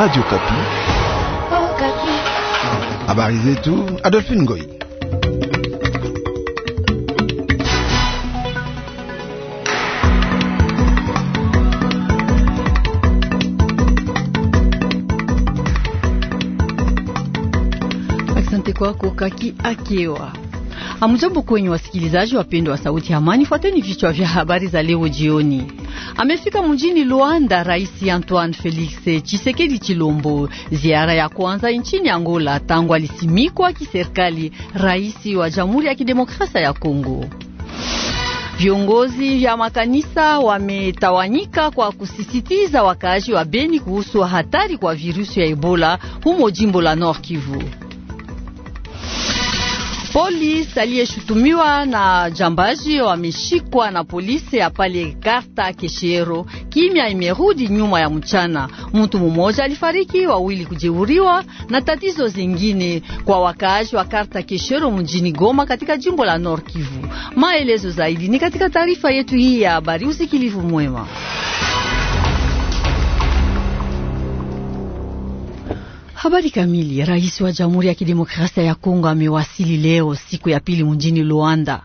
Radio Kapi. Oh, Kapi. Habari zetu Adolphine Ngoi. Asante kwako Kaki Akewa. Amujambo kwenye wasikilizaji wapendwa wa Sauti ya Amani, fuateni vichwa vya habari za leo jioni. Amefika mjini Luanda Rais Antoine Felix Chisekedi Chilombo, ziara ya kwanza nchini Angola tangu alisimikwa kiserikali rais wa Jamhuri ya Kidemokrasia ya Kongo. Viongozi vya makanisa wametawanyika kwa kusisitiza wakaaji wa Beni kuhusu hatari kwa virusi ya Ebola humo jimbo la Nord Kivu. Polisi aliyeshutumiwa na jambazi wameshikwa na polisi ya pale Karta Keshero. Kimya imerudi nyuma ya mchana, mtu mmoja alifariki, wawili kujeuriwa na tatizo zingine kwa wakaaji wa Karta Keshero mjini Goma katika jimbo la Nord Kivu. Maelezo zaidi ni katika taarifa yetu hii ya habari. Usikilivu mwema. Habari kamili. Rais wa Jamhuri ya Kidemokrasia ya Kongo amewasili leo siku ya pili mjini Luanda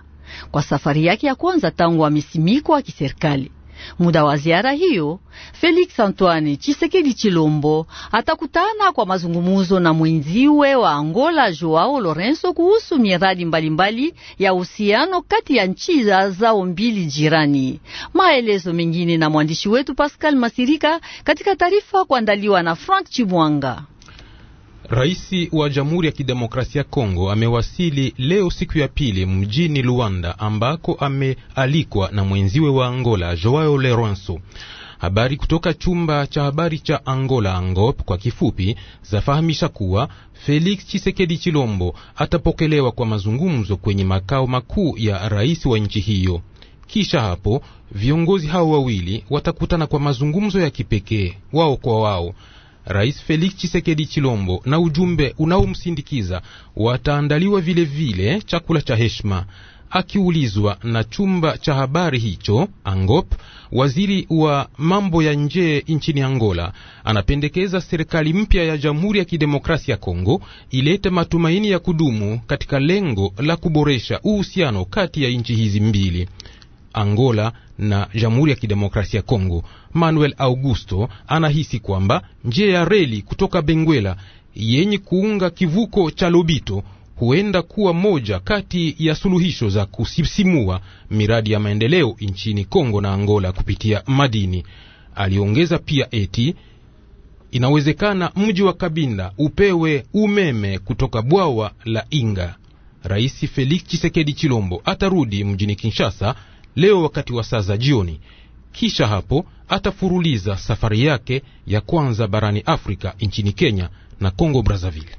kwa safari yake ya kwanza tangu amesimikwa kiserikali. Muda wa ziara hiyo, Felix Antoine Chisekedi Chilombo atakutana kwa mazungumuzo na mwenziwe wa Angola Joao Lorenzo kuhusu miradi mbalimbali ya uhusiano kati ya nchi zao mbili jirani. Maelezo mengine na mwandishi wetu Pascal Masirika katika taarifa kuandaliwa na Frank Chibwanga. Rais wa Jamhuri ya Kidemokrasia ya Kongo amewasili leo siku ya pili mjini Luanda ambako amealikwa na mwenziwe wa Angola Joao leronso Habari kutoka chumba cha habari cha Angola Angop kwa kifupi zafahamisha kuwa Felix Chisekedi Chilombo atapokelewa kwa mazungumzo kwenye makao makuu ya rais wa nchi hiyo. Kisha hapo viongozi hao wawili watakutana kwa mazungumzo ya kipekee wao kwa wao. Rais Felix Chisekedi Chilombo na ujumbe unaomsindikiza wataandaliwa vilevile chakula cha heshima. Akiulizwa na chumba cha habari hicho, Angop, waziri wa mambo ya nje nchini Angola, anapendekeza serikali mpya ya Jamhuri ya Kidemokrasia ya Kongo ilete matumaini ya kudumu katika lengo la kuboresha uhusiano kati ya nchi hizi mbili. Angola na Jamhuri ya Kidemokrasia ya Kongo. Manuel Augusto anahisi kwamba njia ya reli kutoka Benguela yenye kuunga kivuko cha Lobito huenda kuwa moja kati ya suluhisho za kusisimua miradi ya maendeleo nchini Kongo na Angola kupitia madini. Aliongeza pia eti inawezekana mji wa Kabinda upewe umeme kutoka bwawa la Inga. Rais Felix Chisekedi Chilombo atarudi mjini Kinshasa leo wakati wa saa za jioni. Kisha hapo atafuruliza safari yake ya kwanza barani Afrika, nchini Kenya na congo Brazzaville.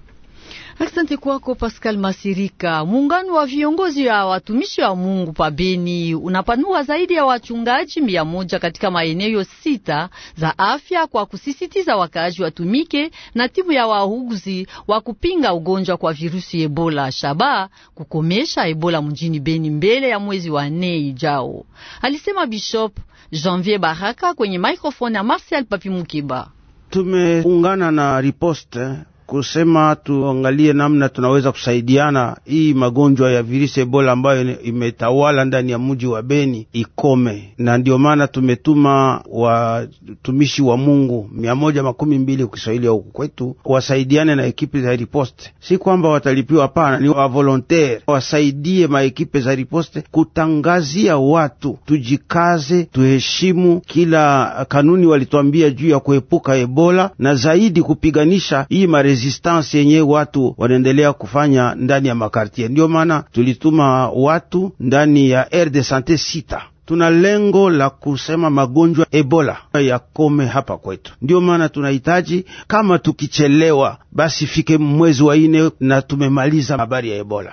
Asante kwako Pascal Masirika. Muungano wa viongozi ya watumishi wa Mungu pa Beni unapanua zaidi ya wachungaji mia moja katika maeneo sita za afya kwa kusisitiza wakaaji watumike na timu ya wauguzi wa kupinga ugonjwa kwa virusi Ebola shaba kukomesha Ebola mjini Beni mbele ya mwezi wa nne ijao, alisema Bishop Janvier Baraka kwenye microphone ya Marcel Papi Mukiba. Tumeungana na riposte kusema tuangalie namna tunaweza kusaidiana hii magonjwa ya virusi Ebola ambayo imetawala ndani ya mji wa Beni ikome, na ndio maana tumetuma watumishi wa Mungu mia moja makumi mbili Kiswahili ya huku kwetu wasaidiane na ekipe za riposte. Si kwamba watalipiwa, hapana, ni wavolontere wasaidie maekipe za riposte kutangazia watu, tujikaze, tuheshimu kila kanuni walitwambia juu ya kuepuka Ebola na zaidi kupiganisha hii marezi resistance yenye watu wanaendelea kufanya ndani ya makartier. Ndiyo maana tulituma watu ndani ya aire de sante sita tuna lengo la kusema magonjwa Ebola yakome hapa kwetu. Ndiyo maana tunahitaji, kama tukichelewa, basi fike mwezi wa ine na tumemaliza habari ya Ebola.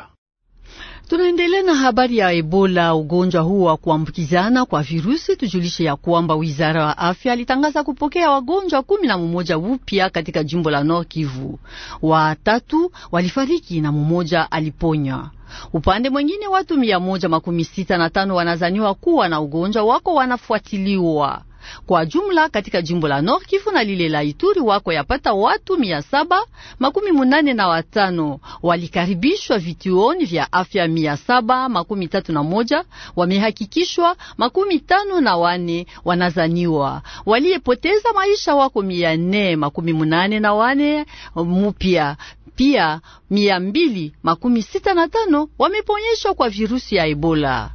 Tunaendelea na habari ya Ebola, ugonjwa huu wa kuambukizana kwa virusi. Tujulishe ya kwamba wizara wa afya alitangaza kupokea wagonjwa kumi na mmoja upya katika jimbo la Nord Kivu, watatu walifariki na mmoja aliponywa. Upande mwengine, watu mia moja makumi sita na tano wanazaniwa kuwa na ugonjwa wako wanafuatiliwa. Kwa jumla katika jimbo la Nord Kivu na lile la Ituri wako yapata watu mia saba makumi munane na watano walikaribishwa vituoni vya afya mia saba makumi tatu na moja wamehakikishwa makumi tano na wane wanazaniwa waliyepoteza maisha wako mia nne makumi munane na wane mupya pia mia mbili makumi sita na tano wameponyeshwa kwa virusi ya Ebola.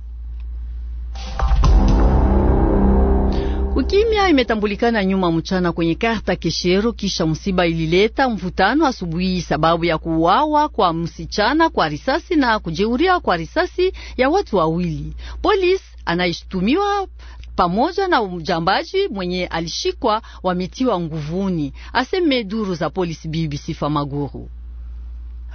Ukimya imetambulikana nyuma mchana kwenye karta Keshero kisha msiba ilileta mvutano asubuhi, sababu ya kuuawa kwa msichana kwa risasi na kujeuria kwa risasi ya watu wawili. Polisi anayeshtumiwa pamoja na mjambaji mwenye alishikwa wametiwa nguvuni, aseme duru za polisi BBC Famaguru.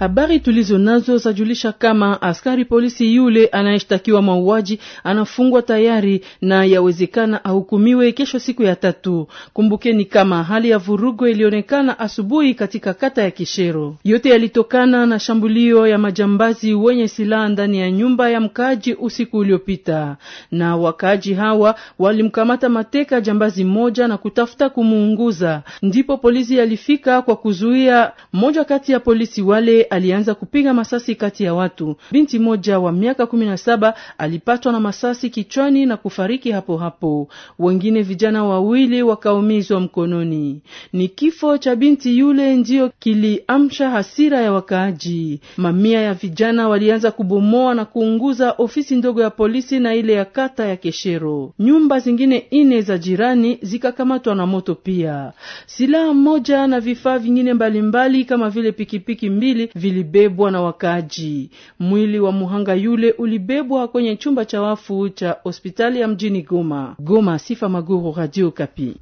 Habari tulizo nazo zajulisha kama askari polisi yule anayeshtakiwa mauaji anafungwa tayari na yawezekana ahukumiwe kesho siku ya tatu. Kumbukeni kama hali ya vurugo ilionekana asubuhi katika kata ya Kishero. Yote yalitokana na shambulio ya majambazi wenye silaha ndani ya nyumba ya mkaaji usiku uliopita, na wakaaji hawa walimkamata mateka jambazi moja na kutafuta kumuunguza, ndipo polisi alifika kwa kuzuia moja kati ya polisi wale alianza kupiga masasi kati ya watu. Binti moja wa miaka kumi na saba alipatwa na masasi kichwani na kufariki hapo hapo, wengine vijana wawili wakaumizwa mkononi. Ni kifo cha binti yule ndiyo kiliamsha hasira ya wakaaji. Mamia ya vijana walianza kubomoa na kuunguza ofisi ndogo ya polisi na ile ya kata ya Keshero. Nyumba zingine ine za jirani zikakamatwa na moto pia. Silaha moja na vifaa vingine mbalimbali mbali, kama vile pikipiki mbili vilibebwa na wakaaji. Mwili wa muhanga yule ulibebwa kwenye chumba cha wafu cha hospitali ya mjini Goma. Goma, Sifa Maguru, Radio Kapi.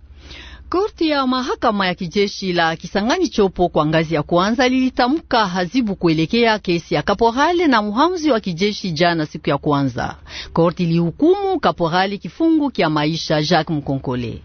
Korti ya mahakama ya kijeshi la Kisangani Chopo kwa ngazi ya kwanza lilitamka hazibu kuelekea kesi ya kaporale na muhamzi wa kijeshi jana siku ya kwanza. Korti ilihukumu kaporale kifungu kya maisha Jacques Mkonkole.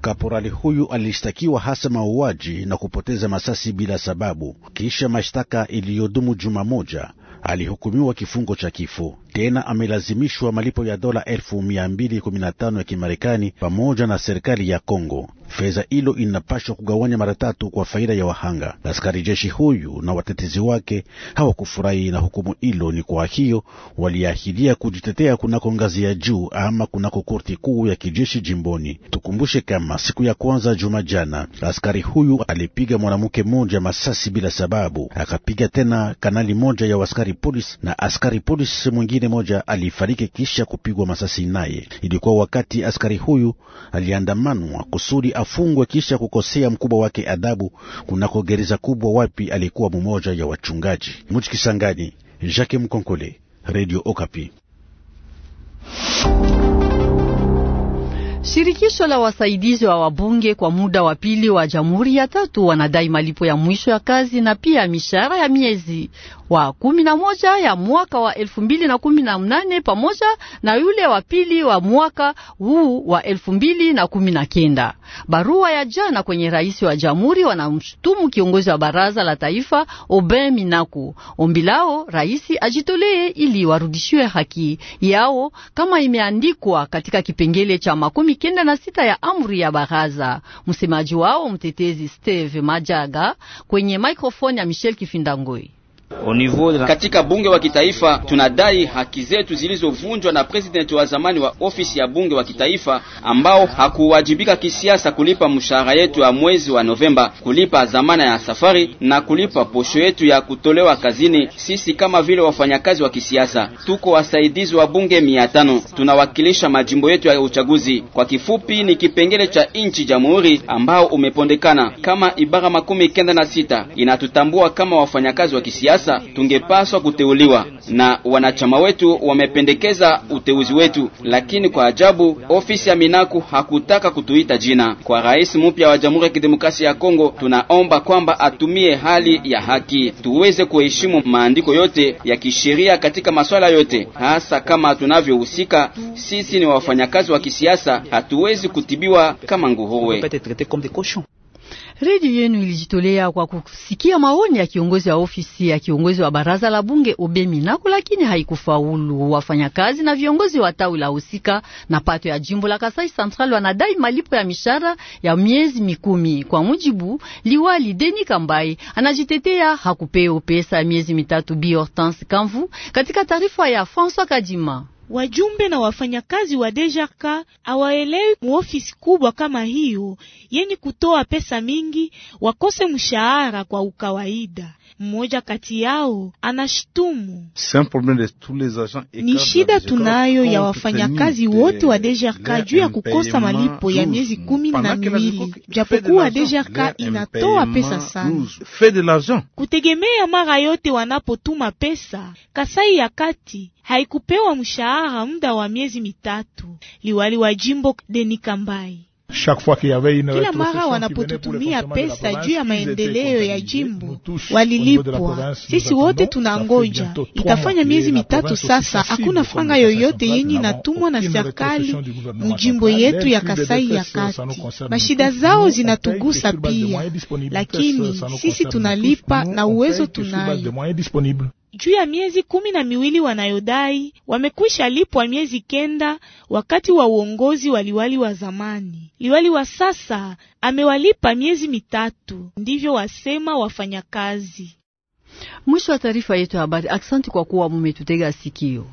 Kaporali huyu alishtakiwa hasa mauaji na kupoteza masasi bila sababu. Kisha mashtaka iliyodumu juma moja, alihukumiwa kifungo cha kifo. Tena amelazimishwa malipo ya dola elfu mia mbili kumi na tano ya Kimarekani pamoja na serikali ya Kongo. Fedha hilo inapashwa kugawanya mara tatu kwa faida ya wahanga. Askari jeshi huyu na watetezi wake hawakufurahi na hukumu hilo, ni kwa hiyo waliahidia kujitetea kunako ngazi ya juu ama kunako korti kuu ya kijeshi jimboni. Tukumbushe kama siku ya kwanza juma jana askari huyu alipiga mwanamke mmoja masasi bila sababu, akapiga tena kanali moja ya askari polisi, na askari polisi mwingine moja alifariki kisha kupigwa masasi naye. Ilikuwa wakati askari huyu aliandamanwa kusudi afungwe kisha kukosea mkubwa wake adhabu kunako gereza kubwa, wapi alikuwa mmoja ya wachungaji Mujikisangani. Jacques Mkonkole, Radio Okapi. Shirikisho la wasaidizi wa wabunge kwa muda wa pili wa jamhuri ya tatu wanadai malipo ya mwisho ya kazi na pia mishahara ya miezi wa kumi na moja ya mwaka wa elfu mbili na kumi na mnane pamoja na yule wa pili wa mwaka huu wa elfu mbili na kumi na kenda. Barua ya jana kwenye rais wa jamhuri wanamshutumu kiongozi wa baraza la taifa Obin Minaku. Ombi lao rais ajitolee ili warudishiwe haki yao kama imeandikwa katika kipengele cha makumi kenda na sita ya amri ya baraza. Msemaji wao mtetezi Steve Majaga kwenye maikrofoni ya Michel Kifindangoi. Katika bunge wa kitaifa tunadai haki zetu zilizovunjwa na presidenti wa zamani wa ofisi ya bunge wa kitaifa ambao hakuwajibika kisiasa kulipa mshahara yetu ya mwezi wa Novemba, kulipa zamana ya safari na kulipa posho yetu ya kutolewa kazini. Sisi kama vile wafanyakazi wa kisiasa tuko wasaidizi wa bunge mia tano, tunawakilisha majimbo yetu ya uchaguzi. Kwa kifupi, ni kipengele cha nchi jamhuri ambao umepondekana kama ibara makumi kenda na sita inatutambua kama wafanyakazi wa kisiasa sasa tungepaswa kuteuliwa, na wanachama wetu wamependekeza uteuzi wetu, lakini kwa ajabu ofisi ya Minaku hakutaka kutuita jina. Kwa rais mpya wa Jamhuri ya Kidemokrasia ya Kongo, tunaomba kwamba atumie hali ya haki, tuweze kuheshimu maandiko yote ya kisheria katika masuala yote, hasa kama tunavyohusika sisi. Ni wafanyakazi wa kisiasa, hatuwezi kutibiwa kama nguruwe. Redio yenu ilijitolea kwa kusikia maoni ya kiongozi wa ofisi ya kiongozi wa baraza la bunge Obemi Naku, lakini haikufaulu. Wafanyakazi na viongozi wa tawi la husika na pato ya jimbo la Kasai Central wanadai malipo ya mishahara ya miezi mikumi. Kwa mujibu liwali Deni Kambai anajitetea hakupewa pesa ya miezi mitatu. Bi Hortense Kamvu katika taarifa ya François Kadima. Wajumbe na wafanyakazi wa Dejarka awaelewi muofisi kubwa kama hiyo yenye kutoa pesa mingi wakose mshahara kwa ukawaida. Mmoja kati yao anashtumu ni shida tunayo ya wafanyakazi wote wa Dejarka juu ya kukosa malipo ya miezi kumi na miwili, japokuwa Dejarka inatoa pesa sana. Kutegemea mara yote wanapotuma pesa Kasai ya kati haikupewa mshahara muda wa miezi mitatu. Liwali wa jimbo Deni Kambai kila mara wanapotutumia pesa juu ya maendeleo ya jimbo walilipwa. Sisi wote tunangoja, itafanya miezi mitatu sasa, hakuna franga yoyote yenye inatumwa na serikali mujimbo yetu ya Kasai ya Kati. Mashida zao zinatugusa pia, lakini sisi tunalipa na uwezo tunayo juu ya miezi kumi na miwili wanayodai wamekwisha lipwa miezi kenda wakati wa uongozi wa liwali wa zamani. Liwali wa sasa amewalipa miezi mitatu, ndivyo wasema wafanyakazi. Mwisho wa taarifa yetu ya habari. Aksanti kwa kuwa mumetutega sikio.